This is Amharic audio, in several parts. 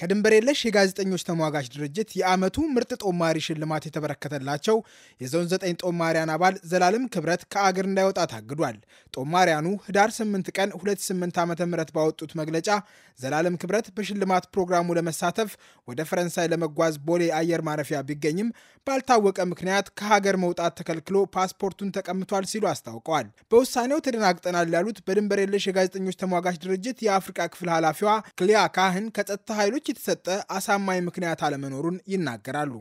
ከድንበር የለሽ የጋዜጠኞች ተሟጋች ድርጅት የዓመቱ ምርጥ ጦማሪ ሽልማት የተበረከተላቸው የዞን ዘጠኝ ጦማሪያን አባል ዘላለም ክብረት ከአገር እንዳይወጣ ታግዷል። ጦማሪያኑ ህዳር 8 ቀን 28 ዓ ም ባወጡት መግለጫ ዘላለም ክብረት በሽልማት ፕሮግራሙ ለመሳተፍ ወደ ፈረንሳይ ለመጓዝ ቦሌ አየር ማረፊያ ቢገኝም ባልታወቀ ምክንያት ከሀገር መውጣት ተከልክሎ ፓስፖርቱን ተቀምቷል ሲሉ አስታውቀዋል። በውሳኔው ተደናግጠናል ያሉት በድንበር የለሽ የጋዜጠኞች ተሟጋች ድርጅት የአፍሪቃ ክፍል ኃላፊዋ ክሊያ ካህን ከጸጥታ ኃይሎች የተሰጠ አሳማኝ ምክንያት አለመኖሩን ይናገራሉ።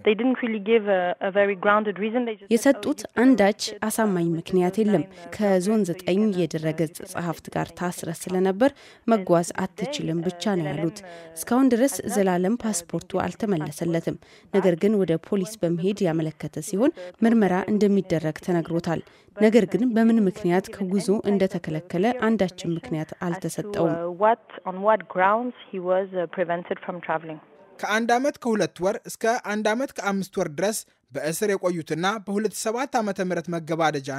የሰጡት oh, አንዳች አሳማኝ ምክንያት የለም። ከዞን ዘጠኝ የድረገጽ ጸሐፍት ጋር ታስረ ስለነበር መጓዝ አትችልም ብቻ ነው ያሉት። እስካሁን ድረስ ዘላለም ፓስፖርቱ አልተመለሰለትም። ነገር ግን ወደ ፖሊስ በመሄድ ያመለከተ ሲሆን ምርመራ እንደሚደረግ ተነግሮታል። ነገር ግን በምን ምክንያት ከጉዞ እንደተከለከለ አንዳችን ምክንያት አልተሰጠውም። ከአንድ ዓመት ከሁለት ወር እስከ አንድ ዓመት ከአምስት ወር ድረስ በእስር የቆዩትና በ2007 ዓ ም መገባደጃ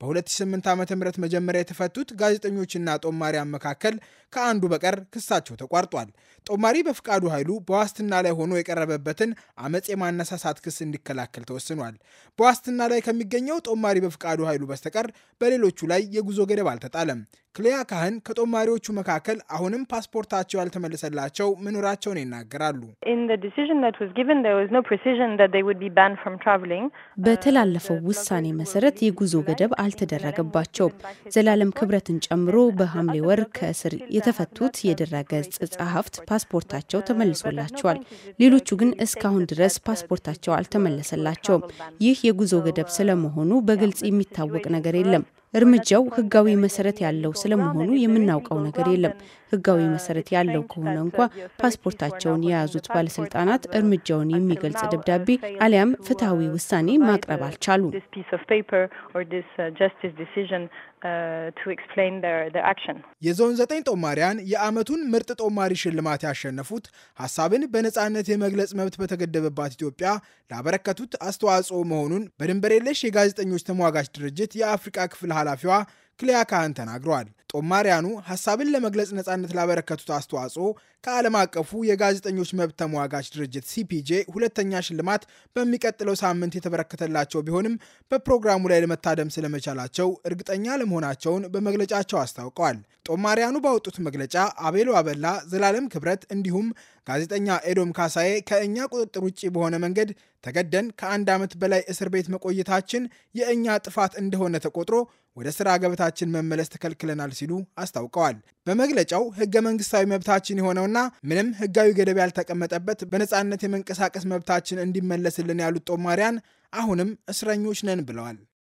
በ2008 ዓ ም መጀመሪያ የተፈቱት ጋዜጠኞችና ጦማሪያን መካከል ከአንዱ በቀር ክሳቸው ተቋርጧል። ጦማሪ በፍቃዱ ኃይሉ በዋስትና ላይ ሆኖ የቀረበበትን አመፅ የማነሳሳት ክስ እንዲከላከል ተወስኗል። በዋስትና ላይ ከሚገኘው ጦማሪ በፍቃዱ ኃይሉ በስተቀር በሌሎቹ ላይ የጉዞ ገደብ አልተጣለም። ክሊያ ካህን ከጦማሪዎቹ መካከል አሁንም ፓስፖርታቸው ያልተመለሰላቸው መኖራቸውን ይናገራሉ። በተላለፈው ውሳኔ መሰረት የጉዞ ገደብ አልተደረገባቸውም። ዘላለም ክብረትን ጨምሮ በሐምሌ ወር ከእስር የተፈቱት የድረገጽ ጸሐፍት ፓስፖርታቸው ተመልሶላቸዋል። ሌሎቹ ግን እስካሁን ድረስ ፓስፖርታቸው አልተመለሰላቸውም። ይህ የጉዞ ገደብ ስለመሆኑ በግልጽ የሚታወቅ ነገር የለም። እርምጃው ህጋዊ መሰረት ያለው ስለመሆኑ የምናውቀው ነገር የለም። ህጋዊ መሰረት ያለው ከሆነ እንኳ ፓስፖርታቸውን የያዙት ባለስልጣናት እርምጃውን የሚገልጽ ደብዳቤ አሊያም ፍትሐዊ ውሳኔ ማቅረብ አልቻሉም። የዞን ዘጠኝ ጦማሪያን የአመቱን ምርጥ ጦማሪ ሽልማት ያሸነፉት ሀሳብን በነፃነት የመግለጽ መብት በተገደበባት ኢትዮጵያ ላበረከቱት አስተዋጽኦ መሆኑን በድንበር የለሽ የጋዜጠኞች ተሟጋች ድርጅት የአፍሪቃ ክፍል ኃላፊዋ ክሊያ ካህን ተናግረዋል። ጦማሪያኑ ሀሳብን ለመግለጽ ነጻነት ላበረከቱት አስተዋጽኦ ከዓለም አቀፉ የጋዜጠኞች መብት ተሟጋች ድርጅት ሲፒጄ ሁለተኛ ሽልማት በሚቀጥለው ሳምንት የተበረከተላቸው ቢሆንም በፕሮግራሙ ላይ ለመታደም ስለመቻላቸው እርግጠኛ ለመሆናቸውን በመግለጫቸው አስታውቀዋል። ጦማሪያኑ ባወጡት መግለጫ አቤል አበላ፣ ዘላለም ክብረት እንዲሁም ጋዜጠኛ ኤዶም ካሳዬ ከእኛ ቁጥጥር ውጭ በሆነ መንገድ ተገደን ከአንድ ዓመት በላይ እስር ቤት መቆየታችን የእኛ ጥፋት እንደሆነ ተቆጥሮ ወደ ስራ ገበታችን መመለስ ተከልክለናል ሲሉ አስታውቀዋል። በመግለጫው ህገ መንግስታዊ መብታችን የሆነውና ምንም ህጋዊ ገደብ ያልተቀመጠበት በነፃነት የመንቀሳቀስ መብታችን እንዲመለስልን ያሉት ጦማሪያን አሁንም እስረኞች ነን ብለዋል።